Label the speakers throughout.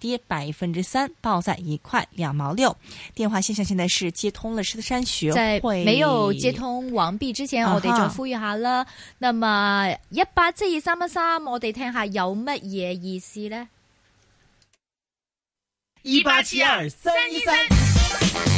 Speaker 1: 跌百分之三，報在一塊兩毛六。電話線上現在是接通了獅子山學會，在沒有接
Speaker 2: 通王弼之前，我哋就呼籲下啦。Uh huh. 那麼一八七二三一三，3，我哋聽下有乜嘢意思呢？一
Speaker 1: 八七二三一三。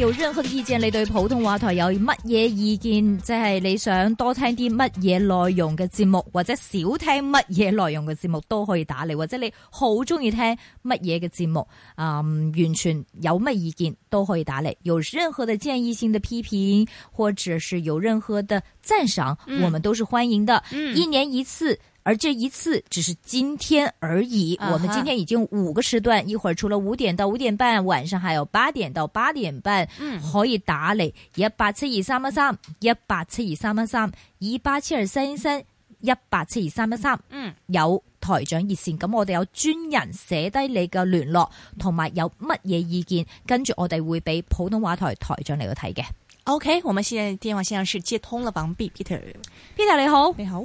Speaker 2: 有任何的意見，你對普通話台有乜嘢意見？即係你想多聽啲乜嘢內容嘅節目，或者少聽乜嘢內容嘅節目都可以打嚟。或者你好中意聽乜嘢嘅節目，嗯、呃，完全有乜意見都可以打嚟。有任何嘅建議性的批評，或者是有任何的讚賞，我們都是歡迎的。嗯、一年一次。而這一次只是今天而已。Uh huh. 我們今天已經五個時段，一會兒除了五點到五點半，晚上還有八點到八點半，mm. 可以打嚟一八七二三一三一八七二三一三二八七二三一三一八七二三一三。嗯，mm. 有台長熱綫，咁我哋有專人寫低你嘅聯絡，同埋有乜嘢意見，跟住我哋會俾普通話台台長嚟到睇嘅。OK，我們現在電話綫上是接通了，完畢，Peter，Peter 你好，你好。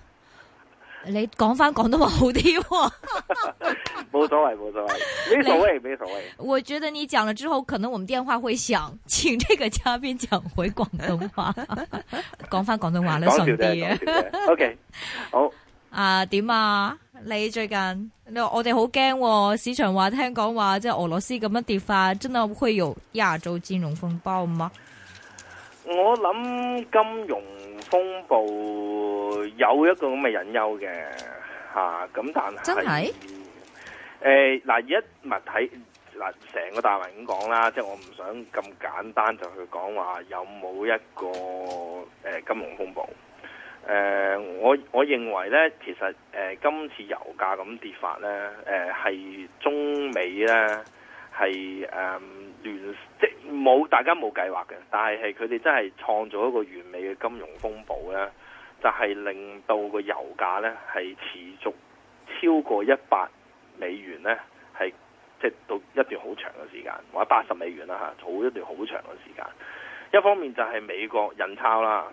Speaker 2: 你講返廣東話好啲喎，冇所謂
Speaker 3: 冇所謂，冇所謂冇所
Speaker 2: 謂。 我覺得你講咗之後，可能我們電話會想請這個嘉賓講回廣東話，講返 廣東話啦，順啲。Okay，好。啊，點啊？你最近？我哋好驚喎，市場話聽講話，即係俄羅斯咁樣跌法，真係會有亞洲金融風暴嘛。
Speaker 3: 我諗金融。風暴有一個咁嘅隱憂嘅嚇，咁但係，誒嗱，而家物體嗱，成個大環境講啦，即係我唔想咁簡單就去講話有冇一個誒金融風暴。誒，我我認為咧，其實誒今次油價咁跌法咧，誒係中美咧係誒聯即。冇，大家冇計劃嘅，但係，係佢哋真係創造一個完美嘅金融風暴呢就係、是、令到個油價呢係持續超過一百美元呢係即到一段好長嘅時間，或者八十美元啦嚇，好一段好長嘅時間。一方面就係美國印鈔啦，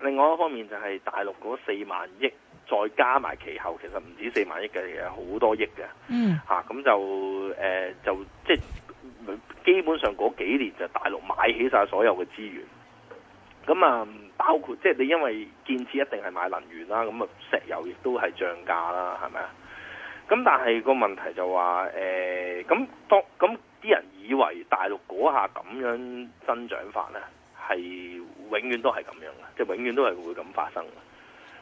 Speaker 3: 另外一方面就係大陸嗰四萬億，再加埋其後，其實唔止四萬億嘅，有好多億嘅。嗯，嚇咁、啊、就誒、呃、就即基本上嗰幾年就大陸買起晒所有嘅資源，咁啊包括即係、就是、你因為建設一定係買能源啦，咁啊石油亦都係漲價啦，係咪啊？咁但係個問題就話誒，咁當咁啲人以為大陸嗰下咁樣增長法咧，係永遠都係咁樣嘅，即係永遠都係會咁發生嘅。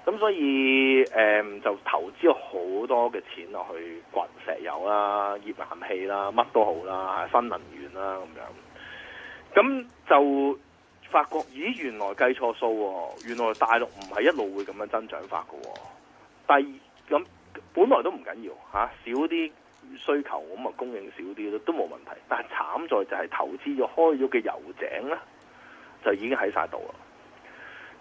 Speaker 3: 咁所以誒、嗯、就投資咗好多嘅錢落去掘石油啦、頁岩氣啦、乜都好啦、新能源啦咁樣，咁就發覺咦原來計錯數、哦，原來大陸唔係一路會咁樣增長法嘅、哦。第二咁本來都唔緊要嚇，少啲需求咁啊供應少啲都冇問題。但係慘在就係投資咗開咗嘅油井咧，就已經喺晒度啦。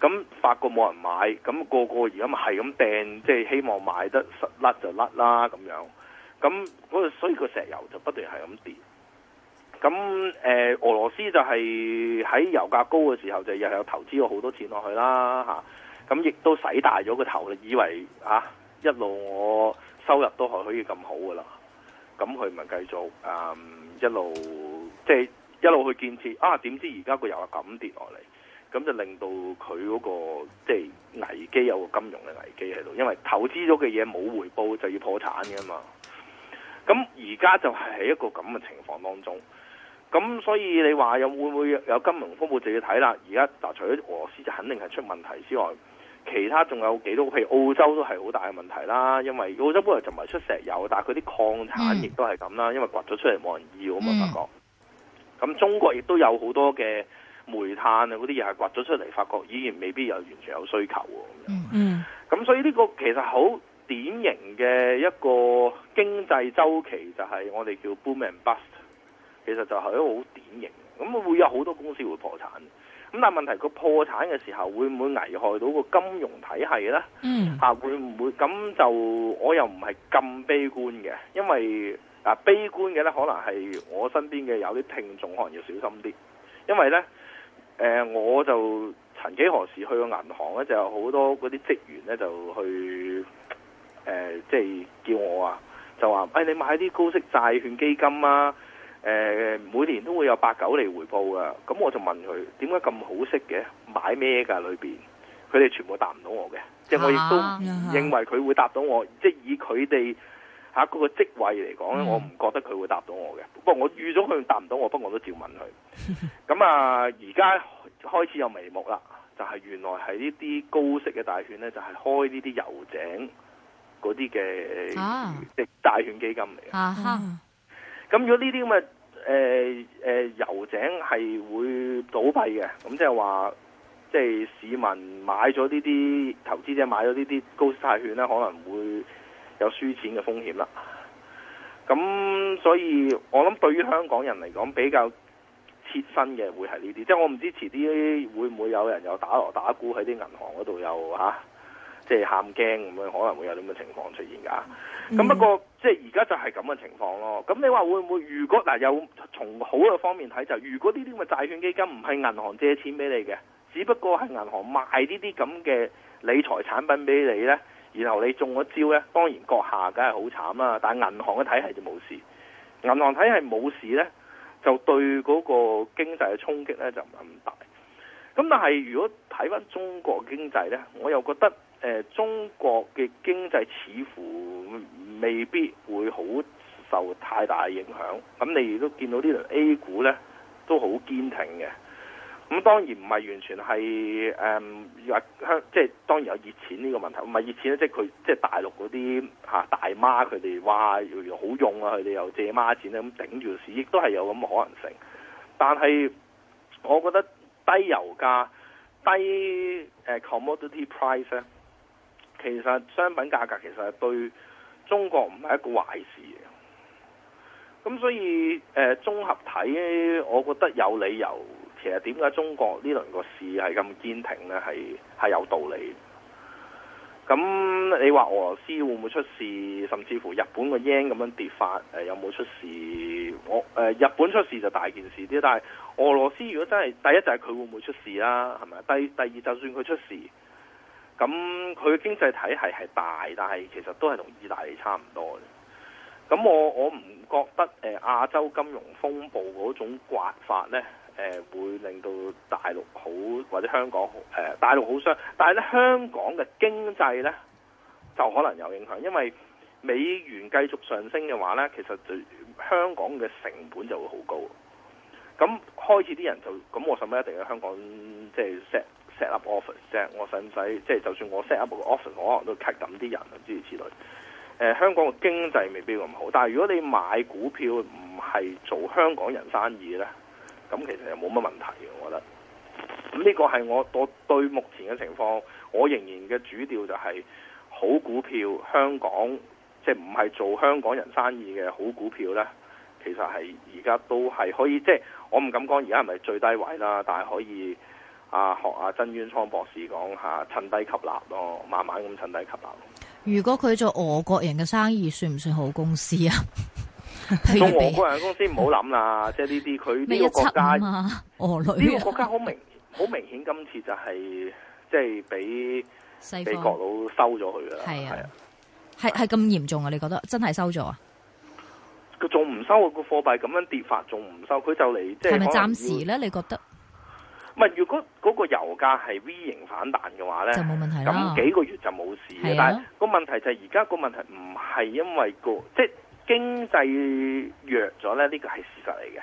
Speaker 3: 咁發覺冇人買，咁、那個個而家咪係咁掟，即、就、係、是、希望買得甩就甩啦咁樣。咁嗰個所以個石油就不斷係咁跌。咁誒、呃，俄羅斯就係喺油價高嘅時候就又有投資咗好多錢落去啦咁亦都使大咗個頭啦，以為啊一路我收入都可可以咁好噶啦。咁佢咪繼續誒、嗯、一路即係、就是、一路去建設啊？點知而家個油啊咁跌落嚟？咁就令到佢嗰個即係危機，有個金融嘅危機喺度，因為投資咗嘅嘢冇回報就要破產㗎嘛。咁而家就係喺一個咁嘅情況當中，咁所以你話有會唔會有金融風暴就要睇啦。而家嗱，除咗俄羅斯就肯定係出問題之外，其他仲有幾多？譬如澳洲都係好大嘅問題啦，因為澳洲本來就唔係出石油，但係佢啲礦產亦都係咁啦，因為掘咗出嚟冇人要咁嘅感覺。咁、嗯、中國亦都有好多嘅。煤炭啊，嗰啲嘢係掘咗出嚟，發覺依然未必有完全有需求喎。嗯，咁所以呢個其實好典型嘅一個經濟周期，就係我哋叫 boom and bust，其實就係一個好典型的。咁會有好多公司會破產，咁但係問題佢破產嘅時候，會唔會危害到個金融體系咧？嗯、mm. 啊，會唔會？咁就我又唔係咁悲觀嘅，因為啊悲觀嘅咧，可能係我身邊嘅有啲聽眾可能要小心啲，因為咧。誒、呃，我就曾幾何時去過銀行咧，就有好多嗰啲職員咧，就去誒、呃，即係叫我啊，就話，誒、哎，你買啲高息債券基金啊，誒、呃，每年都會有八九厘回報噶。咁我就問佢，點解咁好息嘅？買咩噶裏邊？佢哋全部答唔到我嘅，即係我亦都認為佢會答到我，即係以佢哋。吓，嗰個職位嚟講咧，我唔覺得佢會答我的、嗯、我到我嘅。不過我預咗佢答唔到我，不過我都照問佢。咁 啊，而家開始有眉目啦，就係、是、原來係呢啲高息嘅債券咧，就係、是、開呢啲油井嗰啲嘅，即係債券基金嚟嘅。咁、啊啊、如果呢啲咁嘅，誒、呃、誒、呃，油井係會倒閉嘅，咁即係話，即、就、係、是、市民買咗呢啲投資者買咗呢啲高息債券咧，可能會，有輸錢嘅風險啦，咁所以我諗對於香港人嚟講比較切身嘅會係呢啲，即係我唔知遲啲會唔會有人有打鑼打鼓喺啲銀行嗰度有，嚇、啊，即係喊驚咁樣，可能會有啲咁嘅情況出現噶。咁不過即係而家就係咁嘅情況咯。咁你話會唔會？如果嗱有、啊、從好嘅方面睇就，如果呢啲咁嘅債券基金唔係銀行借錢俾你嘅，只不過係銀行賣呢啲咁嘅理財產品俾你呢。然後你中咗招呢，當然閣下梗係好慘啦，但係銀行嘅體系就冇事，銀行體系冇事呢，就對嗰個經濟嘅衝擊呢就唔係咁大。咁但係如果睇返中國經濟呢，我又覺得誒、呃、中國嘅經濟似乎未必會好受太大影響。咁你亦都見到呢輪 A 股呢，都好堅挺嘅。咁當然唔係完全係誒，話香即係當然有熱錢呢個問題，唔係熱錢咧，即係佢即係大陸嗰啲嚇大媽佢哋話好用啊，佢哋又借孖錢，咁頂住市亦都係有咁嘅可能性。但係我覺得低油價、低誒、啊、commodity price 咧，其實商品價格其實係對中國唔係一個壞事嘅。咁所以誒、啊、綜合睇，我覺得有理由。其實點解中國呢輪個市係咁堅挺呢？係係有道理。咁你話俄羅斯會唔會出事？甚至乎日本個 yen 咁樣跌法，誒、呃、有冇出事？我誒、呃、日本出事就大件事啲，但係俄羅斯如果真係第一就係佢會唔會出事啦？係咪？第第二就算佢出事，咁佢經濟體係係大，但係其實都係同意大利差唔多嘅。咁我我唔覺得誒亞、呃、洲金融風暴嗰種刮法呢誒、呃、會令到大陸好或者香港好、呃、大陸好傷，但係咧香港嘅經濟呢就可能有影響，因為美元繼續上升嘅話呢，其實就香港嘅成本就會好高。咁開始啲人就咁、呃，我使唔使一定喺香港即係 set set up office 啫？我使唔使即係就算我 set up 個 office，我可能都 cut 啲人諸如此類。誒香港嘅經濟未必咁好，但係如果你買股票唔係做香港人生意呢，咁其實又冇乜問題嘅，我覺得。呢個係我我對目前嘅情況，我仍然嘅主調就係好股票，香港即係唔係做香港人生意嘅好股票呢，其實係而家都係可以，即係我唔敢講而家係咪最低位啦，但係可以啊學阿曾淵滄博士講嚇，啊，趁低吸納咯，慢慢咁趁低吸納。
Speaker 2: 如果佢做俄國人嘅生意，算唔算好公司啊？
Speaker 3: 做 比俄國人嘅公司唔好諗啦， 即係呢啲佢呢個國家、啊、
Speaker 2: 俄女呢、啊、個國
Speaker 3: 家好明好明顯，今次就係、是、即係俾俾國佬收咗佢噶係，係啊，
Speaker 2: 係係咁嚴重啊？你覺得真係收咗啊？
Speaker 3: 佢仲唔收個貨幣咁樣跌法，仲唔收？佢就嚟即係係咪暫時咧？你覺得？如果嗰個油價係 V 型反彈嘅話呢，冇問題。咁幾個月就冇事嘅。啊、但係個問題就係而家個問題唔係因為、嗰個即係經濟弱咗呢，呢、呢個係事實嚟嘅。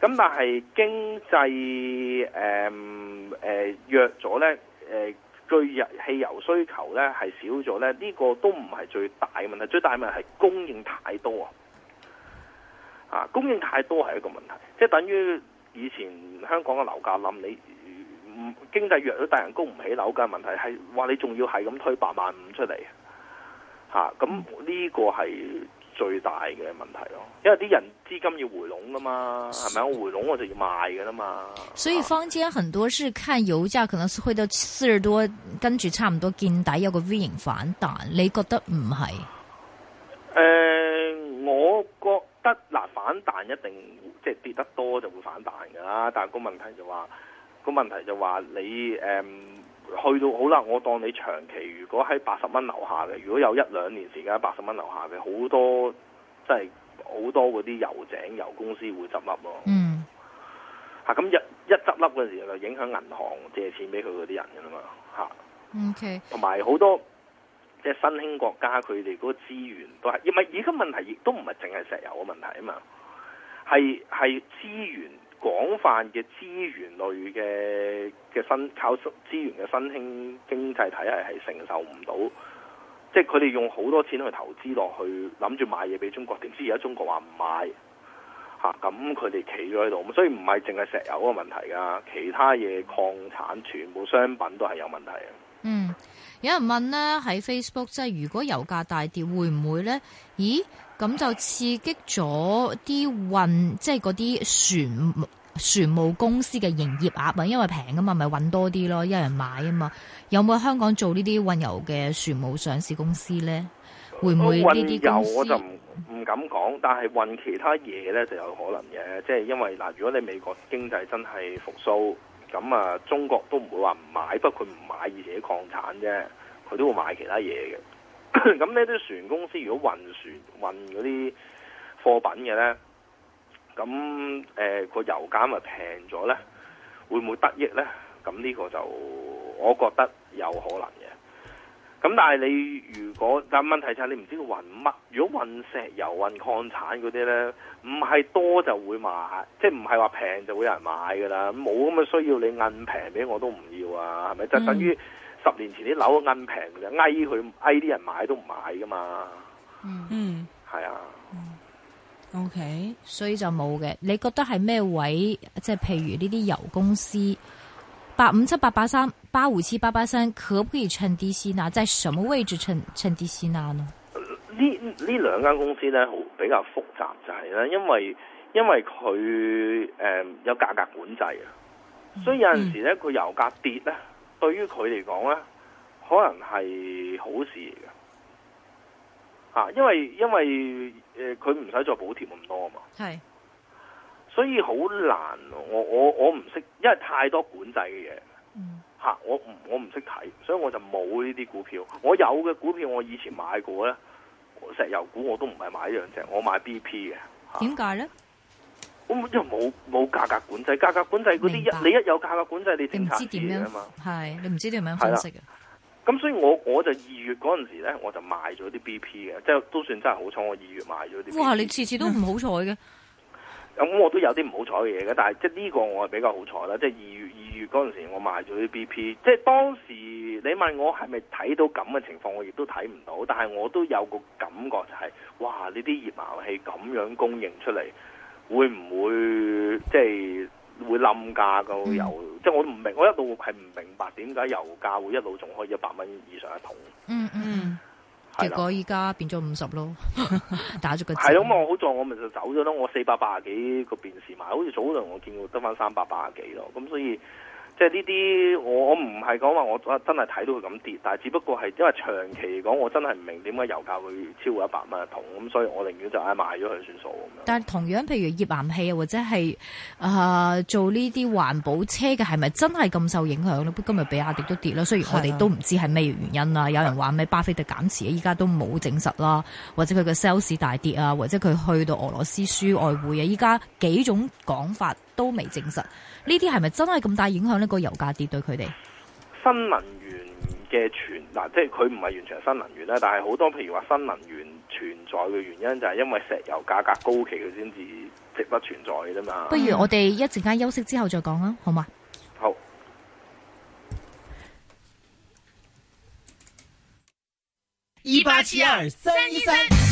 Speaker 3: 咁但係經濟、呃呃、弱咗呢，據、呃、日汽油需求呢係少咗呢，呢、呢個都唔係最大嘅問題。最大嘅問題係供應太多啊！供應太多係一個問題，即等於。以前香港嘅樓價冧，你經濟弱到大，人供唔起樓嘅問題係話你仲要係咁推八萬五出嚟，嚇咁呢個係最大嘅問題咯。因為啲人資金要回籠噶嘛，係咪我回籠我就要賣噶啦嘛。啊、所以
Speaker 2: 坊間很多是看油價，可能會去到四十多，跟住差唔多見底，有個 V 型反彈，你覺得唔係？
Speaker 3: 誒、呃。但一定即係跌得多就會反彈噶啦，但係個問題就話個問題就話你誒、嗯、去到好啦，我當你長期如果喺八十蚊樓下嘅，如果有一兩年時間喺八十蚊樓下嘅，好多即係好多嗰啲油井油公司會執笠咯。嗯，嚇咁、啊、一一執笠嗰陣時就影響銀行借錢俾佢嗰啲人噶啦嘛嚇。O K。同埋好多即係新興國家佢哋嗰個資源都係，因為而家問題亦都唔係淨係石油嘅問題啊嘛。係係資源廣泛嘅資源類嘅嘅新靠資源嘅新興經濟體系係承受唔到，即係佢哋用好多錢去投資落去，諗住買嘢俾中國，點知而家中國話唔買，吓咁佢哋企咗喺度，咁所以唔係淨係石油個問題噶，其他嘢礦產全部商品都係有問題
Speaker 2: 的。嗯，有人問呢，喺 Facebook 即係如果油價大跌會唔會呢？咦？咁就刺激咗啲運，即係嗰啲船船務公司嘅營業額啊，因為平啊嘛，咪運多啲咯，有人買啊嘛。有冇香港做呢啲運油嘅船務上市公司呢？
Speaker 3: 會唔會呢啲公司我就唔敢講，但係運其他嘢呢，就有可能嘅。即係因為嗱，呃，如果你美國經濟真係復蘇，咁啊，中國都唔會話唔買，不過佢唔買以前啲礦產啫，佢都會買其他嘢嘅。咁呢啲船公司如果運船運嗰啲貨品嘅呢，咁誒個油價咪平咗呢？會唔會得益呢？咁呢個就我覺得有可能嘅。咁但係你如果但問題就係你唔知佢運乜？如果運石油、運礦產嗰啲呢，唔係多就會買，即係唔係話平就會有人買㗎啦。冇咁嘅需要，你硬平俾我都唔要啊，係咪？就等於。嗯十年前啲樓咁平就嗌佢嗌啲人買都唔買噶嘛。嗯嗯，係啊。
Speaker 2: 嗯、o、okay, K，所以就冇嘅。你覺得係咩位？即、就、係、是、譬如呢啲油公司，八五七八八三、八五七八八三，可唔可以趁跌先啊？即係在什麼位置趁趁跌先啊？
Speaker 3: 呢呢兩間公司咧，好比較複雜，就係咧，因為因為佢誒、呃、有價格管制啊，所以有陣時咧，佢、嗯、油價跌咧。對於佢嚟講呢，可能係好事嚟嘅嚇，因為因為佢唔使再補貼咁多啊嘛，是所以好難，我我我唔識，因為太多管制嘅嘢，嚇、嗯、我唔我唔識睇，所以我就冇呢啲股票。我有嘅股票我以前買過咧，石油股我都唔係買呢兩隻，我買 B P 嘅，點解呢？啊。我冇，即冇冇價格管制，價格管制嗰啲一明白你一有價格管制，你政策唔掂啊嘛不，
Speaker 2: 係你唔知點樣係啦。
Speaker 3: 咁所以我我就二月嗰陣時咧，我就賣咗啲 B P 嘅，即係都算真係好彩。我二月賣咗啲哇，你次次都唔
Speaker 2: 好彩嘅。
Speaker 3: 咁、嗯嗯、我都有啲唔好彩嘅嘢嘅，但係即係呢個我係比較好彩啦。就是、P，即係二月二月嗰陣時，我賣咗啲 B P。即係當時你問我係咪睇到咁嘅情況，我亦都睇唔到，但係我都有個感覺就係、是，哇！呢啲熱能氣咁樣供應出嚟。會唔會即係會冧價嘅油？嗯、即係我唔明，我一路係唔明白點解油價會一路仲可以一百蚊以上一桶。嗯嗯，
Speaker 2: 結果依家變咗五十咯，嗯、 打咗個折。係咁、嗯，我
Speaker 3: 好在我咪就走咗咯。我四百八十幾個便士買，好似早兩我見過得翻三百八十幾咯。咁所以。即係呢啲，我我唔係講話我真係睇到佢咁跌，但係只不過係因為長期嚟講，我真係唔明點解油價會超過一百蚊一桶，咁所以我寧願就嗌賣咗佢算數。
Speaker 2: 但係同樣譬如頁岩氣，啊，或者係啊、呃、做呢啲環保車嘅，係咪真係咁受影響咧？今日比亞迪都跌啦，雖然我哋都唔知係咩原因啦、啊，有人話咩巴菲特減持、啊，依家都冇證實啦、啊，或者佢個 sales 大跌啊，或者佢去到俄羅斯輸外匯啊，依家幾種講法。都未證實，呢啲係咪真係咁大影響呢？個油價跌對佢哋，
Speaker 3: 新能源嘅存嗱，即係佢唔係完全新能源啦，但係好多譬如話新能源存在嘅原因，就係因為石油價格高企，佢先至值不存在嘅啫嘛。不如我
Speaker 2: 哋一陣間休息之後再講啦，好嘛？好。二八二一八
Speaker 3: 七二三一三。